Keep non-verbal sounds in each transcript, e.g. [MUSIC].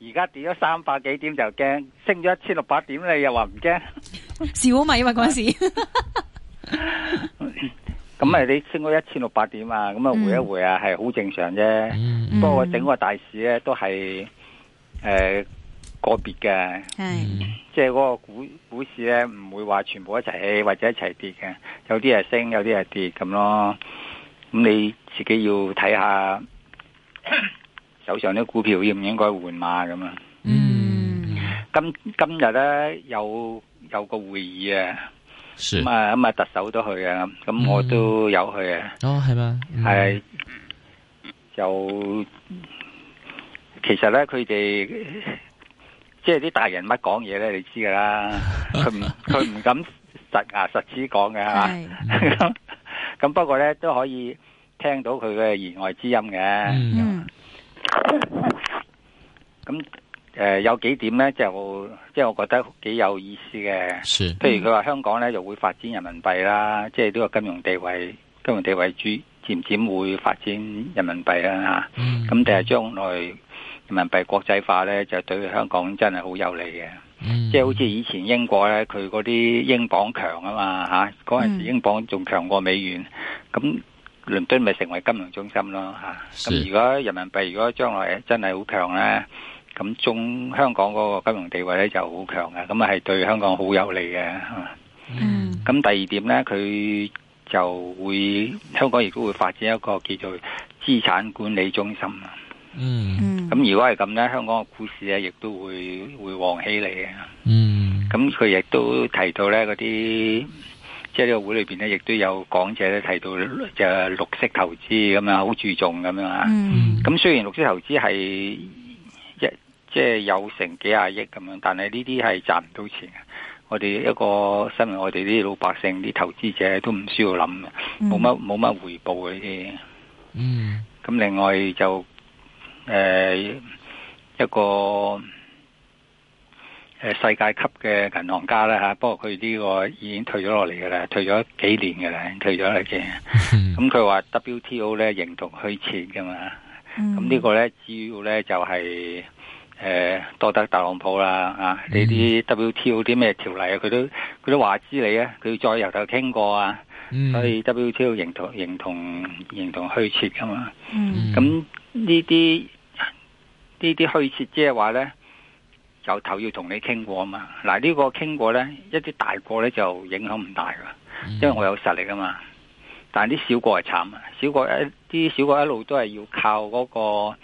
而家跌咗三百幾點就驚，升咗一千六百點你又話唔驚？笑小米啊嘛，因為嗰陣時，咁啊你升咗一千六百點啊，咁啊回一回啊，係好正常啫。嗯、不過整個大市咧都係誒個別嘅，即係嗰個股股市咧唔會話全部一齊起或者一齊跌嘅，有啲係升，有啲係跌咁咯。咁你自己要睇下。 [COUGHS] 手上啲股票應唔應該換馬咁啊？嗯，今今日咧有有個會議啊，咁啊咁啊特首都去啊，咁、嗯嗯、我都有去啊。哦，係嘛，係、嗯，就其實咧佢哋即係啲大人乜講嘢咧，你知㗎啦，佢唔佢唔敢實牙實齒講嘅嚇。咁咁不過咧都可以聽到佢嘅言外之音嘅。嗯吧咁誒、呃，有幾點咧，就即、是、係我、就是、我覺得幾有意思嘅。譬、嗯、如佢話香港咧，就會發展人民幣啦，即係呢個金融地位，金融地位主，漸漸會發展人民幣啦吓。咁第日將來人民幣國際化咧，就對香港真係好有利嘅。即係、嗯、好似以前英國咧，佢嗰啲英鎊強嘛啊嘛吓，嗰陣時英鎊仲強過美元咁。倫敦咪成為金融中心咯嚇，咁是如果人民幣如果將來真係好強咧，咁中香港嗰個金融地位咧就好強嘅，咁啊係對香港好有利嘅。嗯，咁第二點咧，佢就會香港亦都會發展一個叫做資產管理中心啊。嗯，咁如果係咁咧，香港嘅股市咧亦都會會旺起嚟嘅。嗯，咁佢亦都提到咧嗰啲。即係呢個會裏邊咧，亦都有講者咧提到就綠色投資咁樣，好注重咁樣啊。咁、mm. 雖然綠色投資係一即係有成幾廿億咁樣，但係呢啲係賺唔到錢嘅。我哋一個身為我哋啲老百姓啲投資者都唔需要諗嘅，冇乜冇乜回報嘅呢啲。嗯。咁另外就誒、呃、一個。誒，世界級嘅銀行家咧吓、啊，不過佢呢個已經退咗落嚟嘅啦，退咗幾年嘅啦，退咗啦嘅。咁佢話 WTO 咧形同虛設嘅嘛，咁、嗯、呢個咧主要咧就係、是、誒、呃、多得特朗普啦呢啲 WTO 啲咩條例啊，佢、嗯、都佢都話知你啊，佢要再由頭傾過啊，嗯、所以 WTO 形同形同形同虛設噶嘛。咁、嗯嗯、呢啲呢啲虛設即係話咧。有頭要同你傾過啊嘛，嗱、這個、呢個傾過咧，一啲大國咧就影響唔大噶，嗯、因為我有實力啊嘛。但係啲小國係慘啊，小國一啲小國一路都係要靠嗰、那個誒、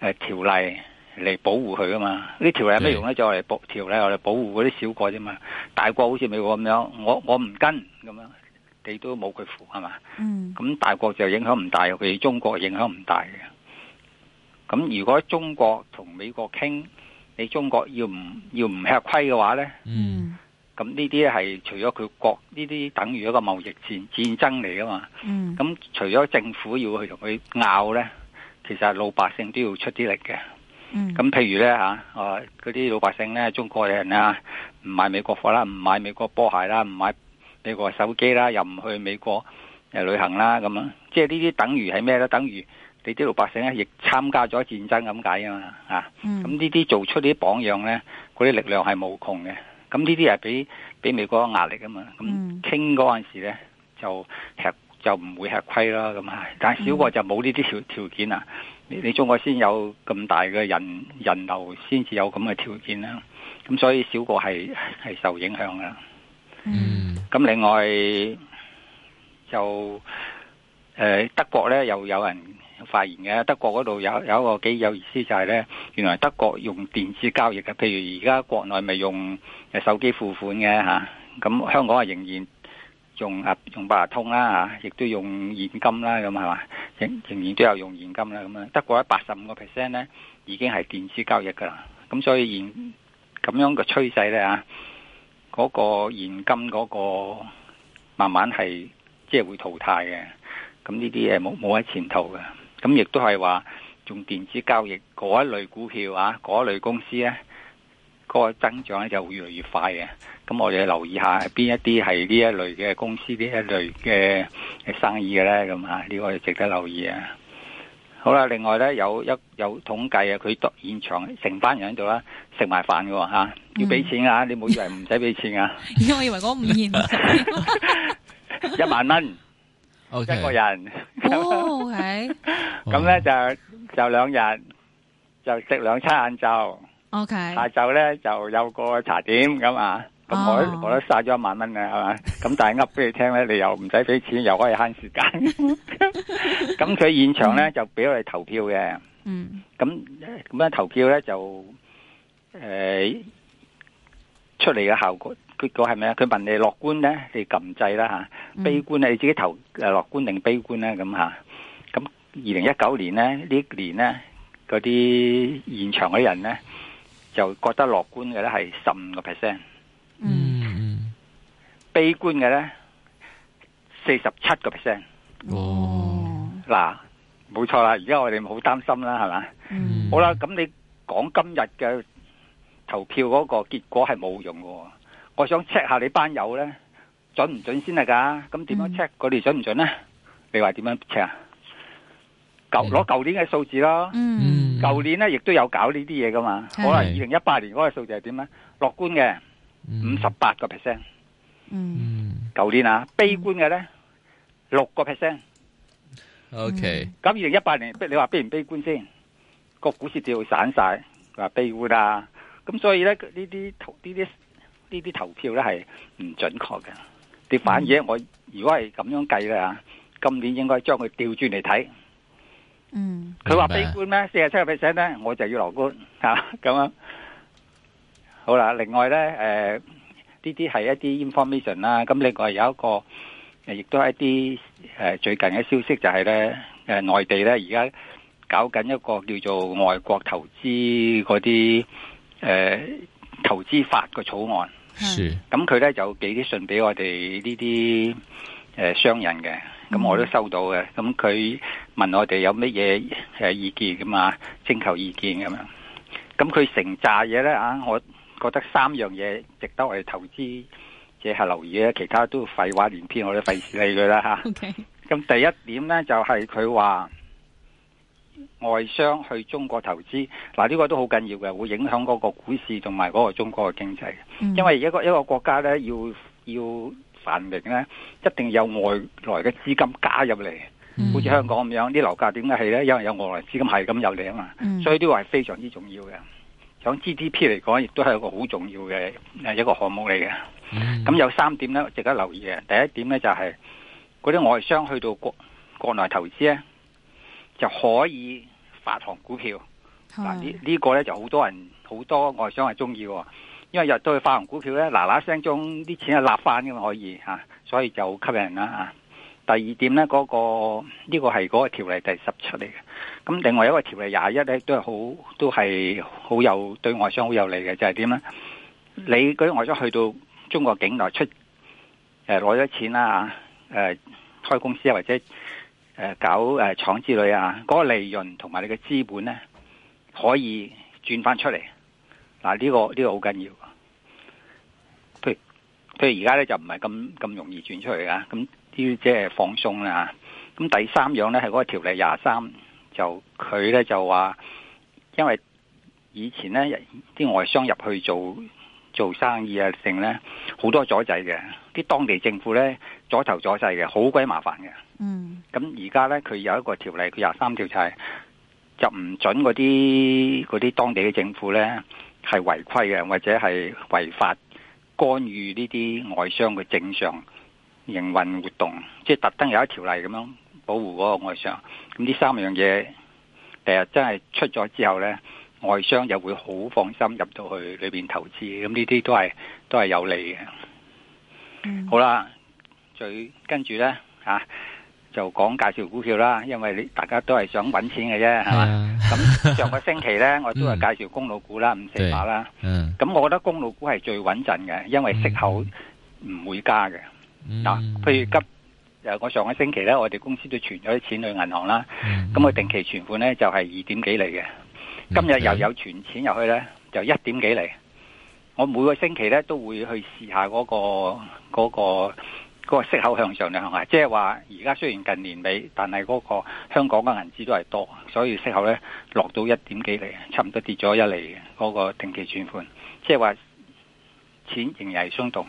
呃、條例嚟保護佢啊嘛。呢條例有咩用咧？嗯、就嚟保條例嚟保護嗰啲小國啫嘛。大國好似美國咁樣，我我唔跟咁樣，你都冇佢扶係嘛？嗯，咁大國就影響唔大，尤其中國影響唔大嘅。咁如果中國同美國傾，你中國要唔要唔吃虧嘅話呢，嗯，咁呢啲係除咗佢國呢啲，等於一個貿易戰戰爭嚟㗎嘛。嗯，咁除咗政府要去同佢拗呢，其實老百姓都要出啲力嘅。咁、嗯、譬如呢，嗰、啊、啲老百姓呢，中國人啊，唔買美國貨啦，唔買美國波鞋啦，唔買美國手機啦，又唔去美國誒旅行啦，咁樣，即係呢啲等於係咩咧？等於。你啲老百姓咧，亦參加咗戰爭咁解啊嘛，啊、嗯，咁呢啲做出啲榜樣咧，嗰啲力量係無窮嘅。咁呢啲係俾俾美國壓力啊嘛。咁傾嗰陣時咧、嗯，就吃就唔會吃虧啦。咁但係小國就冇呢啲條條件啊。你你中國先有咁大嘅人人流，先至有咁嘅條件啦。咁所以小國係係受影響啦嗯。咁另外就誒、呃、德國咧，又有人。發現嘅德國嗰度有有一個幾有意思就係呢，原來德國用電子交易嘅，譬如而家國內咪用手機付款嘅吓，咁香港啊仍然用啊用八達通啦吓，亦都用現金啦咁係嘛，仍然都有用現金啦咁啊，樣德國咧八十五個 percent 呢已經係電子交易噶啦，咁所以現咁樣嘅趨勢呢，啊，嗰個現金嗰個慢慢係即係會淘汰嘅，咁呢啲嘢冇冇喺前途嘅。咁亦都係話用電子交易嗰一類股票啊，嗰一類公司咧，嗰、嗰個增長咧就會越嚟越快嘅。咁我哋留意下邊一啲係呢一類嘅公司，呢一類嘅生意嘅咧，咁啊，呢個值得留意啊。好啦，另外咧有一有統計啊，佢現場成班人喺度啦，食埋飯㗎吓，要俾錢啊，嗯、你唔好以為唔使俾錢啊。因為我以為我唔現實 [LAUGHS] [LAUGHS] 一萬蚊 Okay. 一個人。Oh. [LAUGHS] 咁咧就就兩日就食兩餐晏晝，OK。下晝咧就有個茶點咁啊。咁我我都晒咗一萬蚊嘅係嘛。咁但係噏俾你聽咧，你又唔使俾錢，又可以慳時間。咁佢現場咧就俾我哋投票嘅。嗯。咁咁樣投票咧就誒出嚟嘅效果結果係咪啊？佢問你樂觀咧你撳掣啦吓，悲觀咧你自己投誒樂觀定悲觀啦咁吓。二零一九年咧呢一年咧，嗰啲現場嘅人咧就覺得樂觀嘅咧係十五個 percent，嗯，悲觀嘅咧四十七個 percent。哦，嗱，冇錯啦。而家我哋好擔心啦，係嘛？嗯，好啦，咁你講今日嘅投票嗰個結果係冇用嘅，哦。我想 check 下你班友咧準唔準先啦，啊？噶咁點樣 check 佢哋準唔準咧？你話點樣 check 啊？攞攞舊年嘅數字咯，舊、嗯、年咧亦都有搞呢啲嘢噶嘛。可能二零一八年嗰個數字係點咧？樂觀嘅五十八個 percent。嗯，舊、嗯、年啊，嗯、悲觀嘅咧六個 percent。OK。咁二零一八年你話悲唔悲觀先？個股市跌到散晒，話悲觀啊。咁所以咧呢啲投呢啲呢啲投票咧係唔準確嘅。你反而我如果係咁樣計咧嚇，今年應該將佢調轉嚟睇。嗯，佢話悲觀咩？四十七個 percent 咧，我就要樂觀吓咁樣。好啦，另外咧，誒、呃，呢啲係一啲 information 啦。咁另外有一個，亦都係一啲誒、呃、最近嘅消息就係咧，誒、呃，內地咧而家搞緊一個叫做外國投資嗰啲誒投資法嘅草案。是。咁佢咧就寄啲信俾我哋呢啲誒商人嘅。咁我都收到嘅，咁佢問我哋有乜嘢誒意見噶嘛？徵求意見咁樣，咁佢成扎嘢咧啊！我覺得三樣嘢值得我哋投資，即係留意咧，其他都廢話連篇，我都費事理佢啦吓。咁 Okay. 第一點咧就係佢話外商去中國投資，嗱呢個都好緊要嘅，會影響嗰個股市同埋嗰個中國嘅經濟。嗯、因為一個一個國家咧要要，要繁榮咧，一定有外來嘅資金加入嚟，好似，嗯、香港咁樣，啲樓價點解係咧？因為有外來資金係咁入嚟啊嘛，嗯、所以呢個係非常之重要嘅。響 GDP 嚟講，亦都係一個好重要嘅一個項目嚟嘅。咁、嗯、有三點咧值得留意嘅，第一點咧就係嗰啲外商去到國國內投資咧，就可以發行股票，嗱、嗯這個，呢呢個咧就好多人好多外商係中意嘅。因為日日去發行股票咧，嗱嗱聲中啲錢係立翻嘅，可以吓，所以就吸引啦吓。第二點咧，嗰、那個呢、這個係嗰個條例第十七嚟嘅。咁另外一個條例廿一咧，都係好都係好有對外商好有利嘅，就係點咧？你嗰啲外商去到中國境內出誒攞咗錢啦、啊、吓，誒、呃、開公司、啊、或者誒搞誒、呃、廠之類啊，嗰、那個利潤同埋你嘅資本咧可以轉翻出嚟。啊！呢個呢個好緊要，佢佢而家咧就唔係咁咁容易轉出嚟啊！咁啲即係放鬆啦。咁第三樣咧係嗰個條例廿三，就佢咧就話，因為以前咧啲外商入去做做生意啊，剩咧好多阻滯嘅，啲當地政府咧阻頭阻勢嘅，好鬼麻煩嘅。嗯。咁而家咧佢有一個條例，佢廿三條就係就唔準嗰啲啲當地嘅政府咧，係違規嘅，或者係違法干預呢啲外商嘅正常營運活動，即係特登有一條例咁樣保護嗰個外商。咁呢三樣嘢，第日真係出咗之後呢，外商又會好放心入到去裏邊投資，咁呢啲都係都係有利嘅。好啦，最跟住呢。啊。就講介紹股票啦，因為你大家都係想搵錢嘅啫，係嘛 Yeah.、啊？咁上個星期呢，我都係介紹公路股啦，mm. 五四八啦。咁 Yeah.、啊、我覺得公路股係最穩陣嘅，因為息口唔會加嘅。嗱、mm. 啊，譬如今誒、呃、我上個星期呢，我哋公司都存咗啲錢去銀行啦。咁、mm. 啊、我定期存款呢，就係、是、二點幾嚟嘅，今日又有存錢入去呢，就一點幾嚟。我每個星期呢，都會去試下嗰個嗰個。那個個息口向上嘅行啊，即係話而家雖然近年尾，但係嗰個香港嘅銀紙都係多，所以息口咧落到一點幾厘，差唔多跌咗一厘嘅嗰個定期存款。即係話錢仍然係鬆動。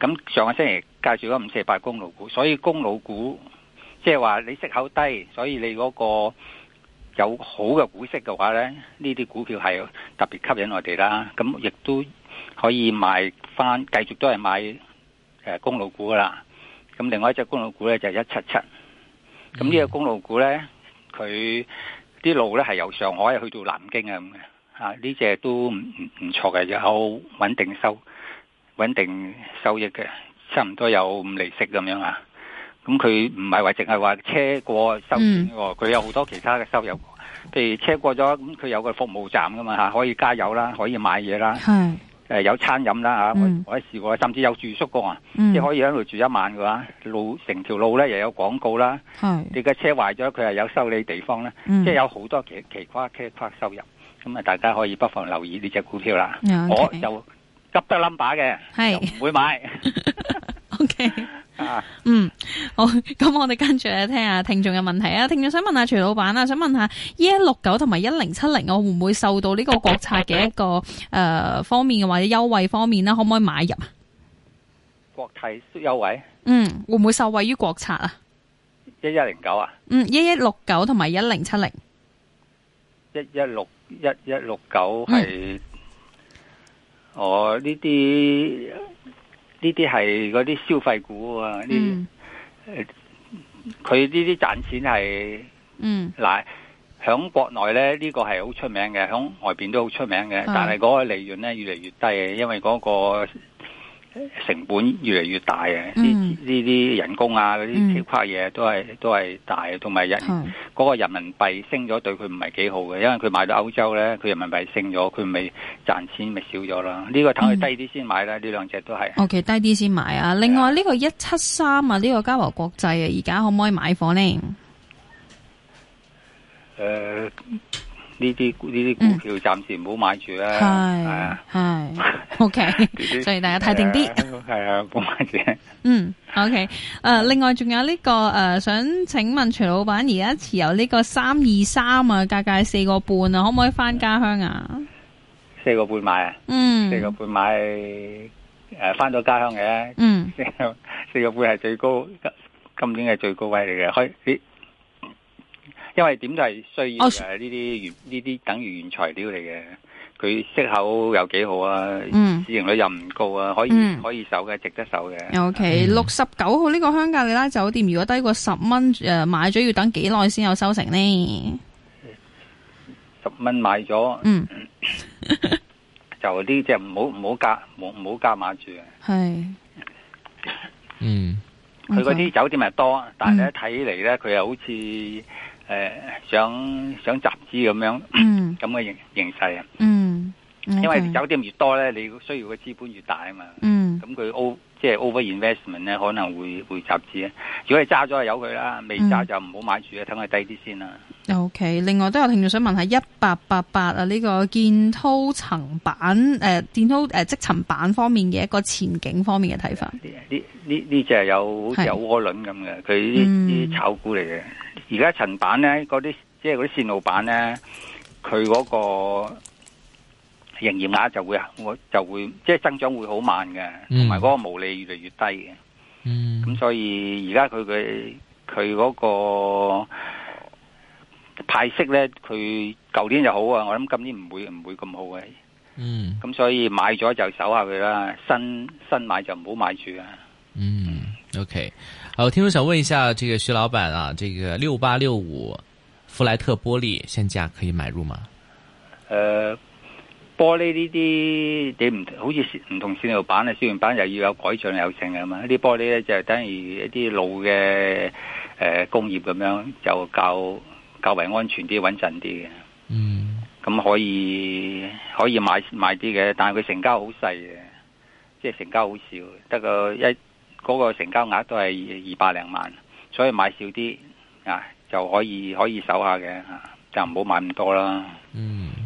咁上個星期介紹咗五四八公路股，所以公路股即係話你息口低，所以你嗰個有好嘅股息嘅話咧，呢啲股票係特別吸引我哋啦。咁亦都可以買翻，繼續都係買。誒，公路股噶啦，咁另外一隻公路股咧就一七七，咁呢個公路股咧，佢啲路咧係由上海去到南京啊咁嘅，啊，呢隻、這個、都唔唔錯嘅，有穩定收、穩定收益嘅，差唔多有五厘息咁樣啊。咁佢唔係話淨係話車過收錢喎，佢有好多其他嘅收入，嗯、譬如車過咗咁，佢有個服務站噶嘛吓，可以加油啦，可以買嘢啦。嗯誒、呃，有餐飲啦吓、嗯，我我試過，甚至有住宿噶、啊，嗯、即係可以喺度住一晚嘅話、啊，路成條路咧又有廣告啦，是你嘅車壞咗，佢係有修理地方啦，嗯、即係有好多奇奇夸奇夸收入，咁啊大家可以不妨留意呢隻股票啦，嗯 okay、我就急得冧把嘅，又唔是會買。 [LAUGHS] [LAUGHS] o、okay、K。啊、嗯，好，咁我哋跟住嚟聽下聽眾嘅問題啊！聽眾想問下徐老闆啊，想問下一一六九同埋一零七零，我會唔會受到呢個國策嘅一個誒、 [LAUGHS] 呃、方面或者優惠方面咧，可唔可以買入啊？國泰優惠，嗯，會唔會受惠於國策啊？一一零九啊？嗯，一一六九同埋一零七零，一一六一一六九係，哦，呢啲。呢啲係嗰啲消費股啊，呢，佢呢啲賺錢係，嗱，響國內咧呢個係好出名嘅，響外邊都好出名嘅，但係嗰個利潤咧越嚟越低，因為嗰個成本越嚟越大啊，呢呢啲人工啊，嗰啲奇怪嘢都係、嗯、都係大，同埋人嗰、嗯、個人民幣升咗對佢唔係幾好嘅，因為佢買到歐洲咧，佢人民幣升咗，佢咪賺錢咪少咗咯。這個、等呢個睇佢低啲先買啦，呢、嗯、兩隻都係。OK，低啲先買啊！另外呢個一七三啊，呢、這個嘉華國際啊，而家可唔可以買貨呢？誒、呃。呢啲呢啲股票暫時唔好買住啦，係、嗯、啊，係，OK，所以大家睇定啲，係啊，唔好買住。嗯，OK，誒、啊，另外仲有呢、這個誒、呃，想請問徐老闆而家持有呢個三二三啊，價格四個半啊，可唔可以翻家鄉啊？四個半買啊，嗯，四個半買誒，翻到、啊、家鄉嘅、啊，嗯，四個四個半係最高今年係最高位嚟嘅，開因為點都係需要誒呢啲原呢啲等於原材料嚟嘅，佢息口有幾好啊，嗯、市盈率又唔高啊，可以、嗯、可以守嘅，值得守嘅。O K，六十九號呢個香格里拉酒店，如果低過十蚊誒買咗，要等幾耐先有收成呢？十蚊買咗，嗯， [LAUGHS] 就呢隻唔好唔好加唔好加碼住嘅是，係， [LAUGHS] 嗯。佢嗰啲酒店又多，但係咧睇起嚟咧，佢又、嗯、好似誒、呃、想想集資咁樣，咁嘅形形勢啊。嗯，嗯因為酒店越多咧，你需要嘅資本越大啊嘛。嗯，咁佢 O。即係 overinvestment 咧，over 可能會會集資啊！如果係揸咗，由佢啦；未揸就唔好買住啊，等佢、嗯、低啲先啦。O、okay, K，另外都有聽眾想問係一八八八啊，呢個建滔層板誒，建滔誒積層板方面嘅一個前景方面嘅睇法。呢呢呢隻有好有似有渦輪咁嘅，佢呢啲炒股嚟嘅。而家層板咧，嗰啲即係嗰啲線路板咧，佢嗰、那個。營業額就會我、啊、就會，就會即係增長會好慢嘅，同埋嗰個毛利越嚟越低嘅。嗯，咁所以而家佢嘅佢嗰個派息咧，佢舊年就好啊，我諗今年唔會唔會咁好嘅。嗯，咁所以買咗就守下佢啦，新新買就唔好買住啦、啊。嗯，OK，好，聽眾想問一下，這個徐老闆啊，這個六八六五富萊特玻璃現價可以買入嗎？誒、呃。玻璃呢啲你唔好似唔同線路板啊，線路板又要有改進有剩啊嘛，呢啲玻璃咧就等於一啲老嘅誒、呃、工業咁樣，就較較為安全啲穩陣啲嘅。嗯，咁可以可以買買啲嘅，但係佢成交好細嘅，即係成交好少，得個一嗰、嗰個成交額都係二百零萬，所以買少啲啊就可以可以守下嘅、啊，就唔好買咁多啦。嗯。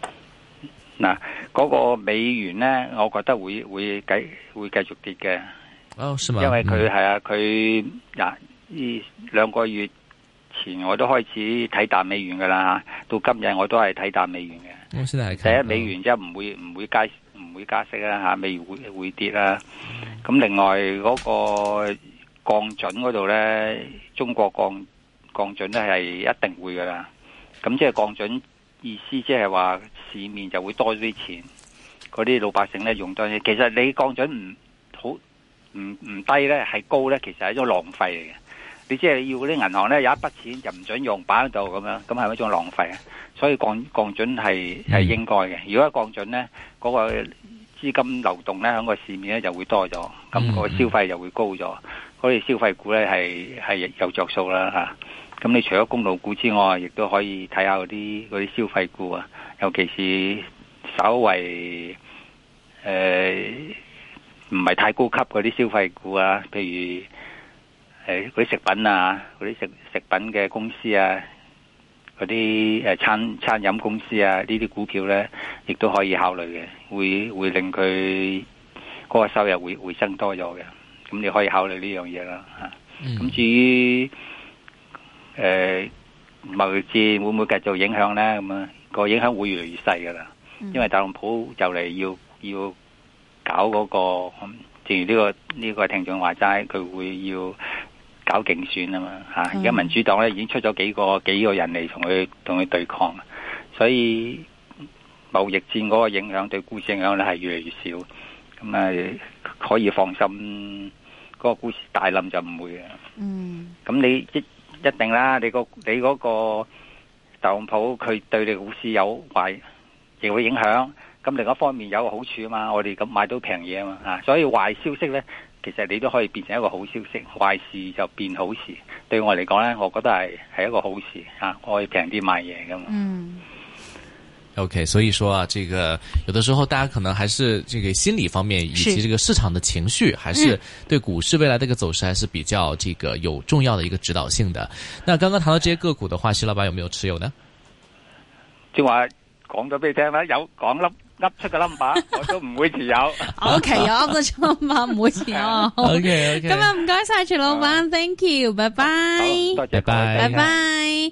嗱，嗰個美元咧，我覺得會會繼會繼續跌嘅，因為佢係啊，佢嗱，呢兩個月前我都開始睇淡美元噶啦，到今日我都係睇淡美元嘅。第一美元即係唔會唔會加唔會加息啦嚇，美元會會跌啦。咁另外嗰個降準嗰度咧，中國降降準咧係一定會噶啦。咁即係降準。意思即係話市面就會多咗啲錢，嗰啲老百姓咧用多啲。其實你降準唔好唔唔低咧，係高咧，其實係一種浪費嚟嘅。你即係要嗰啲銀行咧有一筆錢就唔准用，擺喺度咁樣，咁係一種浪費啊。所以降降準係係應該嘅。嗯，如果降準咧，嗰個資金流動咧，喺個市面咧就會多咗，咁個消費就會高咗，嗰啲消費股咧係係又着數啦吓。咁你除咗公路股之外，亦都可以睇下嗰啲嗰啲消費股啊，尤其是稍為誒唔係太高級嗰啲消費股啊，譬如誒嗰啲食品啊，嗰啲食食品嘅公司啊，嗰啲誒餐餐飲公司啊，呢啲股票咧亦都可以考慮嘅，會會令佢嗰個收入會回，回升多咗嘅，咁你可以考慮呢樣嘢啦嚇。咁至於誒，貿易戰會唔會繼續影響呢？咁啊，個影響會越嚟越細噶啦，因為特朗普就嚟要要搞嗰個，正如呢個呢個聽眾話齋，佢會要搞競選啊嘛吓。而家民主黨咧已經出咗幾個幾個人嚟同佢同佢對抗，所以貿易戰嗰個影響對股市影響咧係越嚟越少，咁啊可以放心，嗰個股市大冧就唔會嘅。嗯，咁你一。一定啦，你、嗰個你嗰個特朗普佢對你股市有壞，亦會影響。咁另一方面有個好處啊嘛，我哋咁買到平嘢啊嘛，所以壞消息呢，其實你都可以變成一個好消息，壞事就變好事。對我嚟講呢，我覺得係係一個好事，我可以平啲買嘢噶嘛。嗯 OK，所以說啊，這個有的時候大家可能還是這個心理方面，以及這個市場的情緒，是還是對股市未來的一個走勢還是比較這個有重要的一個指導性的。那剛剛談到這些個股的話，徐老闆有沒有持有呢？就話講咗俾你聽啦，有講粒粒出個 number，我都唔會持有。 [LAUGHS] [LAUGHS] OK，我個 number 唔會持有。OK OK，今日唔該晒徐老闆，啊，Thank you，拜拜，拜拜，拜拜。